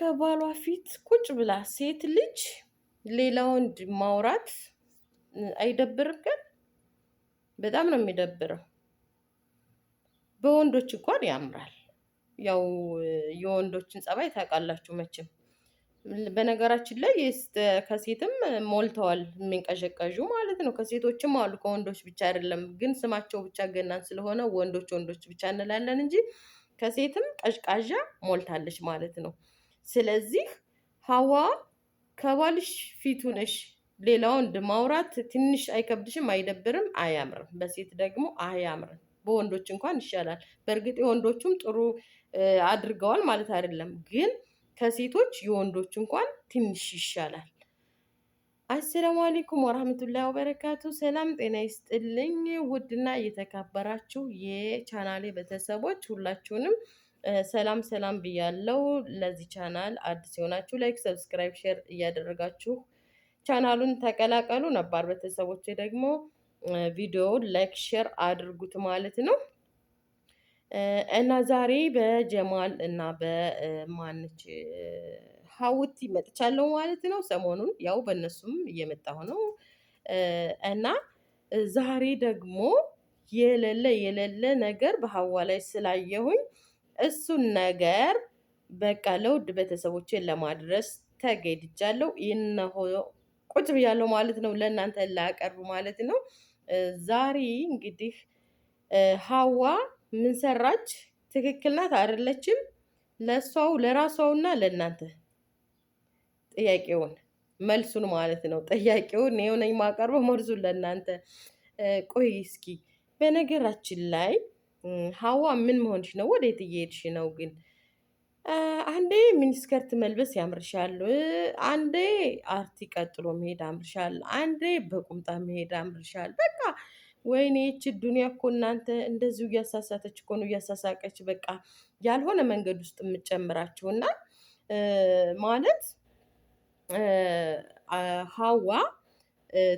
ከባሏ ፊት ቁጭ ብላ ሴት ልጅ ሌላ ወንድ ማውራት አይደብርም? ግን በጣም ነው የሚደብረው። በወንዶች እንኳን ያምራል። ያው የወንዶችን ጸባይ ታውቃላችሁ መቼም። በነገራችን ላይ ከሴትም ሞልተዋል የሚንቀዠቀዡ ማለት ነው። ከሴቶችም አሉ፣ ከወንዶች ብቻ አይደለም። ግን ስማቸው ብቻ ገናን ስለሆነ ወንዶች ወንዶች ብቻ እንላለን እንጂ ከሴትም ቀዥቃዣ ሞልታለች ማለት ነው። ስለዚህ ሀዋ ከባልሽ ፊቱ ነሽ። ሌላ ወንድ ማውራት ትንሽ አይከብድሽም? አይደብርም? አያምርም? በሴት ደግሞ አያምርም። በወንዶች እንኳን ይሻላል። በእርግጥ የወንዶቹም ጥሩ አድርገዋል ማለት አይደለም፣ ግን ከሴቶች የወንዶች እንኳን ትንሽ ይሻላል። አሰላሙ አሌይኩም ወራህመቱላሂ ወበረካቱ። ሰላም ጤና ይስጥልኝ ውድና እየተከበራችሁ የቻናሌ ቤተሰቦች ሁላችሁንም ሰላም ሰላም ብያለው። ለዚህ ቻናል አዲስ የሆናችሁ ላይክ፣ ሰብስክራይብ፣ ሼር እያደረጋችሁ ቻናሉን ተቀላቀሉ። ነባር ቤተሰቦች ደግሞ ቪዲዮውን ላይክ፣ ሼር አድርጉት ማለት ነው እና ዛሬ በጀማል እና በማንች ሀውቲ መጥቻለሁ ማለት ነው። ሰሞኑን ያው በእነሱም እየመጣሁ ነው እና ዛሬ ደግሞ የሌለ የሌለ ነገር በሀዋ ላይ ስላየሁኝ እሱን ነገር በቃ ለውድ ቤተሰቦቼን ለማድረስ ተገድጃለሁ። ይነሆ ቁጭ ብያለሁ ማለት ነው፣ ለእናንተ ላቀርብ ማለት ነው። ዛሬ እንግዲህ ሀዋ ምን ሰራች? ትክክል ናት አይደለችም? ለእሷው ለራሷውና ለእናንተ ጥያቄውን መልሱን ማለት ነው። ጥያቄውን የሆነኝ ማቀርበው መርዙን ለእናንተ ቆይ እስኪ በነገራችን ላይ ሀዋ ምን መሆንሽ ነው? ወዴት እየሄድሽ ነው? ግን አንዴ ሚኒስከርት መልበስ ያምርሻል፣ አንዴ አርቲ ቀጥሎ መሄድ አምርሻል፣ አንዴ በቁምጣ መሄድ አምርሻል። በቃ ወይኔ ይች ዱኒያ እኮ እናንተ እንደዚሁ እያሳሳተች እኮ ነው እያሳሳቀች፣ በቃ ያልሆነ መንገድ ውስጥ የምጨምራችሁና ማለት ሀዋ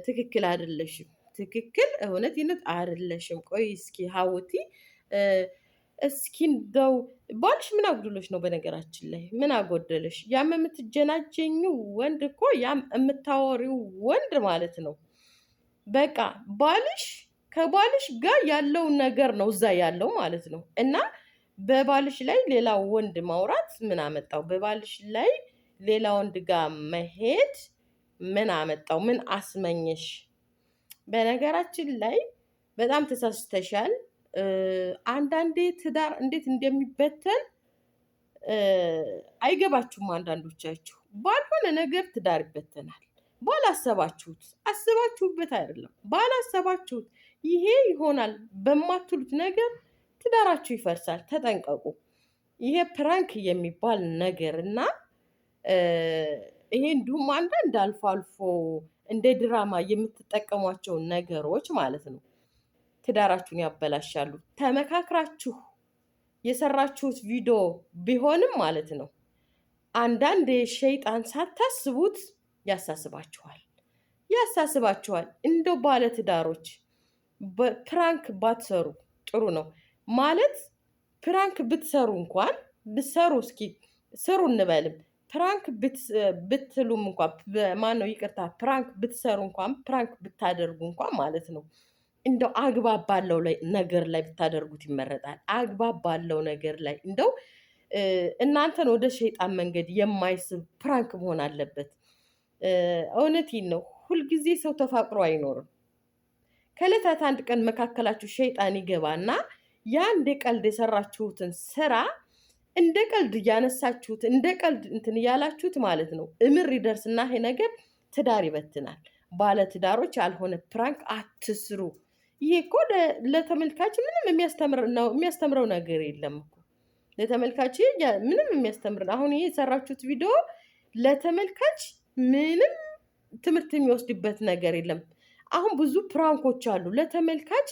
ትክክል አይደለሽም። ትክክል እውነት ይነት አይደለሽም። ቆይ እስኪ ሀውቲ እስኪ እንደው ባልሽ ምን አጉድሎች ነው? በነገራችን ላይ ምን አጎደለሽ? ያም የምትጀናጀኙ ወንድ እኮ ያም የምታወሪው ወንድ ማለት ነው። በቃ ባልሽ ከባልሽ ጋር ያለው ነገር ነው እዛ ያለው ማለት ነው። እና በባልሽ ላይ ሌላ ወንድ ማውራት ምን አመጣው? በባልሽ ላይ ሌላ ወንድ ጋር መሄድ ምን አመጣው? ምን አስመኘሽ? በነገራችን ላይ በጣም ተሳስተሻል። አንዳንዴ ትዳር እንዴት እንደሚበተን አይገባችሁም። አንዳንዶቻችሁ ባልሆነ ነገር ትዳር ይበተናል። ባላሰባችሁት አስባችሁበት አይደለም፣ ባላሰባችሁት ይሄ ይሆናል በማትሉት ነገር ትዳራችሁ ይፈርሳል። ተጠንቀቁ። ይሄ ፕራንክ የሚባል ነገር እና ይሄ እንዲሁም አንዳንድ አልፎ አልፎ እንደ ድራማ የምትጠቀሟቸው ነገሮች ማለት ነው ትዳራችሁን ያበላሻሉ። ተመካክራችሁ የሰራችሁት ቪዲዮ ቢሆንም ማለት ነው አንዳንድ የሸይጣን ሳታስቡት ያሳስባችኋል ያሳስባችኋል። እንደ ባለ ትዳሮች ፕራንክ ባትሰሩ ጥሩ ነው ማለት ፕራንክ ብትሰሩ እንኳን ብትሰሩ እስኪ ስሩ እንበልም ፕራንክ ብትሉም እንኳ ማን ነው ይቅርታ፣ ፕራንክ ብትሰሩ እንኳን ፕራንክ ብታደርጉ እንኳን ማለት ነው እንደው አግባብ ባለው ነገር ላይ ብታደርጉት ይመረጣል። አግባብ ባለው ነገር ላይ እንደው እናንተን ወደ ሸይጣን መንገድ የማይስብ ፕራንክ መሆን አለበት። እውነቴን ነው። ሁልጊዜ ሰው ተፋቅሮ አይኖርም። ከዕለታት አንድ ቀን መካከላችሁ ሸይጣን ይገባና የአንድ ቀልድ የሰራችሁትን ስራ እንደ ቀልድ እያነሳችሁት እንደ ቀልድ እንትን እያላችሁት ማለት ነው። እምር ይደርስና ይሄ ነገር ትዳር ይበትናል። ባለ ትዳሮች ያልሆነ ፕራንክ አትስሩ። ይሄ እኮ ለተመልካች ምንም የሚያስተምረው ነገር የለም እኮ ለተመልካች ምንም የሚያስተምር አሁን ይሄ የሰራችሁት ቪዲዮ ለተመልካች ምንም ትምህርት የሚወስድበት ነገር የለም። አሁን ብዙ ፕራንኮች አሉ ለተመልካች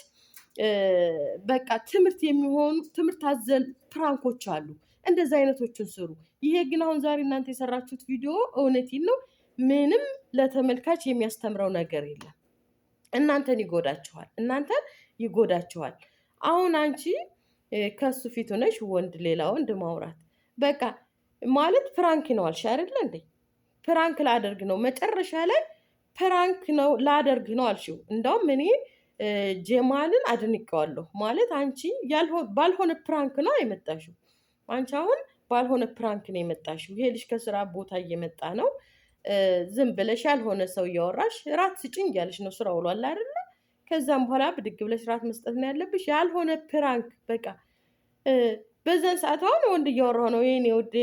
በቃ ትምህርት የሚሆኑ ትምህርት አዘል ፕራንኮች አሉ። እንደዚ አይነቶችን ስሩ። ይሄ ግን አሁን ዛሬ እናንተ የሰራችሁት ቪዲዮ እውነቴን ነው፣ ምንም ለተመልካች የሚያስተምረው ነገር የለም። እናንተን ይጎዳችኋል፣ እናንተን ይጎዳችኋል። አሁን አንቺ ከሱ ፊት ሆነሽ ወንድ ሌላ ወንድ ማውራት በቃ ማለት ፍራንክ ነው አልሽ አይደለ እንዴ? ፕራንክ ላደርግ ነው መጨረሻ ላይ ፕራንክ ነው ላደርግ ነው አልሽው። እንዳውም እኔ ጀማልን አድንቀዋለሁ። ማለት አንቺ ባልሆነ ፕራንክ ነው አይመጣሽው አንቺ አሁን ባልሆነ ፕራንክ ነው የመጣሽው። ይሄ ልጅ ከስራ ቦታ እየመጣ ነው። ዝም ብለሽ ያልሆነ ሰው እያወራሽ ራት ስጭኝ እያለሽ ነው። ስራ ውሏል አይደለ? ከዛም በኋላ ብድግ ብለሽ ራት መስጠት ነው ያለብሽ። ያልሆነ ፕራንክ በቃ በዛን ሰዓት አሁን ወንድ እያወራሁ ነው ይኔ ውድ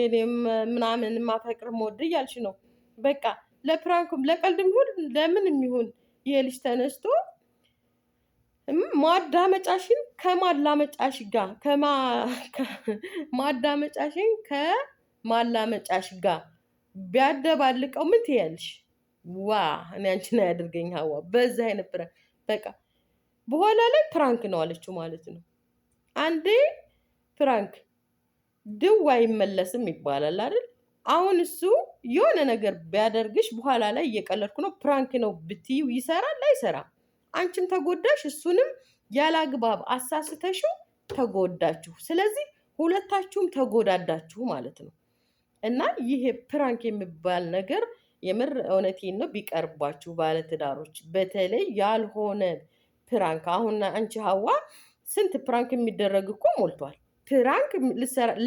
ምናምን ማፈቅር ወድ እያልሽ ነው። በቃ ለፕራንኩም ለቀልድም ይሁን ለምን የሚሆን ይሄ ልጅ ተነስቶ ማዳመጫሽን ከማላመጫሽ ጋር ማዳመጫሽን ከማላመጫሽ ጋር ቢያደባልቀው ምን ትያለሽ? ዋ እኔ አንቺን አያደርገኝ ሀዋ። በዚህ አይነት በቃ በኋላ ላይ ፕራንክ ነው አለችው ማለት ነው። አንዴ ፕራንክ ድው አይመለስም ይባላል አይደል? አሁን እሱ የሆነ ነገር ቢያደርግሽ በኋላ ላይ እየቀለድኩ ነው ፕራንክ ነው ብትይው ይሰራል አይሰራም? አንቺም ተጎዳሽ፣ እሱንም ያላግባብ አሳስተሽው ተጎዳችሁ። ስለዚህ ሁለታችሁም ተጎዳዳችሁ ማለት ነው። እና ይህ ፕራንክ የሚባል ነገር የምር እውነቴን ነው ቢቀርባችሁ ባለትዳሮች፣ በተለይ ያልሆነ ፕራንክ አሁን አንቺ ሀዋ ስንት ፕራንክ የሚደረግ እኮ ሞልቷል። ፕራንክ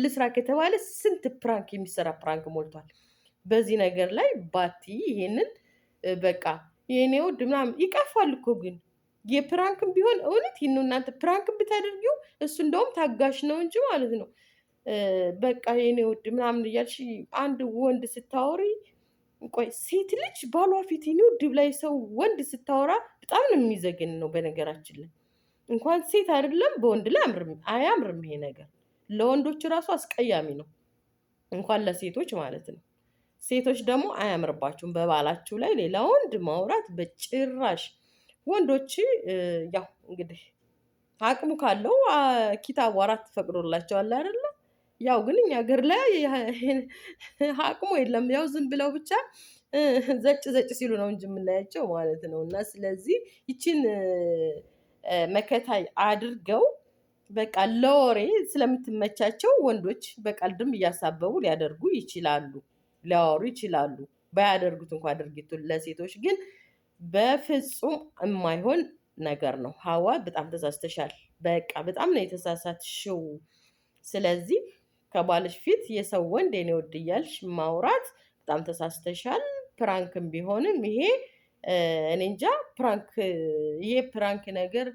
ልስራ ከተባለ ስንት ፕራንክ የሚሰራ ፕራንክ ሞልቷል። በዚህ ነገር ላይ ባቲ ይሄንን በቃ የኔ ውድ ምናምን ይቀፋል እኮ ግን የፕራንክም ቢሆን እውነት ይህን እናንተ ፕራንክ ብታደርጊው እሱ እንደውም ታጋሽ ነው እንጂ ማለት ነው። በቃ የኔ ውድ ምናምን እያልሽ አንድ ወንድ ስታወሪ፣ ቆይ ሴት ልጅ ባሏ ፊት የኔ ውድ ላይ ሰው ወንድ ስታወራ በጣም ነው የሚዘግን ነው። በነገራችን ላይ እንኳን ሴት አይደለም በወንድ ላይ አያምርም ይሄ ነገር። ለወንዶች ራሱ አስቀያሚ ነው፣ እንኳን ለሴቶች ማለት ነው። ሴቶች ደግሞ አያምርባችሁም። በባላችሁ ላይ ሌላ ወንድ ማውራት በጭራሽ። ወንዶች ያው እንግዲህ አቅሙ ካለው ኪታቡ አራት ፈቅዶላቸዋል አይደለ? ያው ግን እኛ ሀገር ላይ አቅሙ የለም። ያው ዝም ብለው ብቻ ዘጭ ዘጭ ሲሉ ነው እንጂ የምናያቸው ማለት ነው። እና ስለዚህ ይችን መከታይ አድርገው በቃ ለወሬ ስለምትመቻቸው ወንዶች በቀልድም እያሳበቡ ሊያደርጉ ይችላሉ። ሊያወሩ ይችላሉ። ባያደርጉት እንኳ ድርጊቱን ለሴቶች ግን በፍጹም የማይሆን ነገር ነው። ሀዋ በጣም ተሳስተሻል። በቃ በጣም ነው የተሳሳትሽው። ስለዚህ ከባልሽ ፊት የሰው ወንድ የኔ ወድ እያልሽ ማውራት በጣም ተሳስተሻል። ፕራንክም ቢሆንም ይሄ እኔ እንጃ ፕራንክ ይሄ ፕራንክ ነገር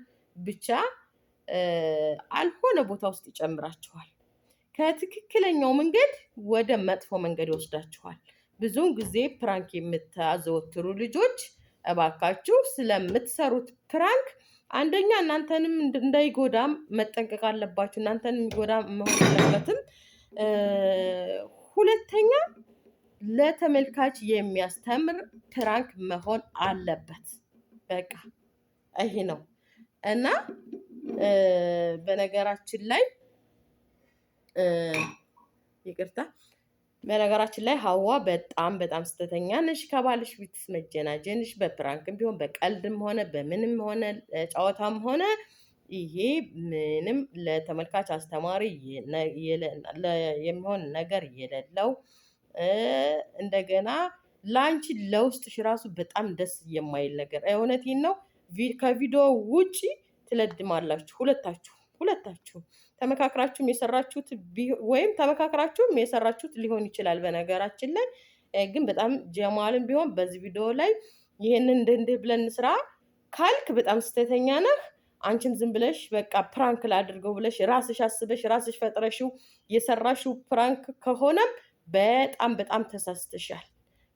ብቻ አልሆነ ቦታ ውስጥ ይጨምራችኋል። ከትክክለኛው መንገድ ወደ መጥፎ መንገድ ይወስዳችኋል። ብዙውን ጊዜ ፕራንክ የምታዘወትሩ ልጆች እባካችሁ ስለምትሰሩት ፕራንክ አንደኛ እናንተንም እንዳይጎዳ መጠንቀቅ አለባችሁ። እናንተን የሚጎዳ መሆን አለበትም። ሁለተኛ ለተመልካች የሚያስተምር ፕራንክ መሆን አለበት። በቃ ይሄ ነው እና በነገራችን ላይ ይቅርታ። በነገራችን ላይ ሀዋ በጣም በጣም ስተተኛ ነሽ። ከባልሽ ቤትስ መጀናጀንሽ በፕራንክም ቢሆን በቀልድም ሆነ በምንም ሆነ ጨዋታም ሆነ ይሄ ምንም ለተመልካች አስተማሪ የሚሆን ነገር የሌለው እንደገና ለአንቺ ለውስጥሽ ራሱ በጣም ደስ የማይል ነገር እውነቴን ነው። ከቪዲዮ ውጪ ትለድማላችሁ ሁለታችሁ ሁለታችሁም ተመካክራችሁም የሰራችሁት ወይም ተመካክራችሁም የሰራችሁት ሊሆን ይችላል። በነገራችን ላይ ግን በጣም ጀማልን ቢሆን በዚህ ቪዲዮ ላይ ይህንን እንድንድህ ብለን ስራ ካልክ በጣም ስህተተኛ ነህ። አንቺም ዝም ብለሽ በቃ ፕራንክ ላድርገው ብለሽ ራስሽ አስበሽ ራስሽ ፈጥረሽው የሰራሽው ፕራንክ ከሆነም በጣም በጣም ተሳስተሻል።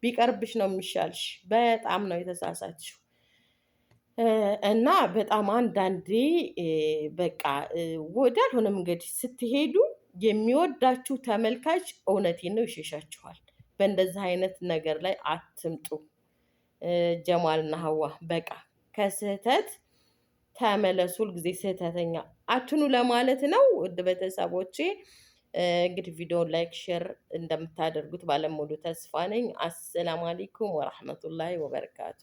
ቢቀርብሽ ነው የሚሻልሽ። በጣም ነው የተሳሳችው። እና በጣም አንዳንዴ በቃ ወዳልሆነ መንገድ ስትሄዱ የሚወዳችሁ ተመልካች እውነቴን ነው ይሸሻችኋል። በእንደዚህ አይነት ነገር ላይ አትምጡ። ጀማልና ሀዋ በቃ ከስህተት ተመለሱ። ሁልጊዜ ስህተተኛ አትኑ ለማለት ነው። ውድ ቤተሰቦቼ እንግዲህ ቪዲዮን ላይክ፣ ሼር እንደምታደርጉት ባለሙሉ ተስፋ ነኝ። አሰላሙ አለይኩም ወራህመቱላሂ ወበረካቱ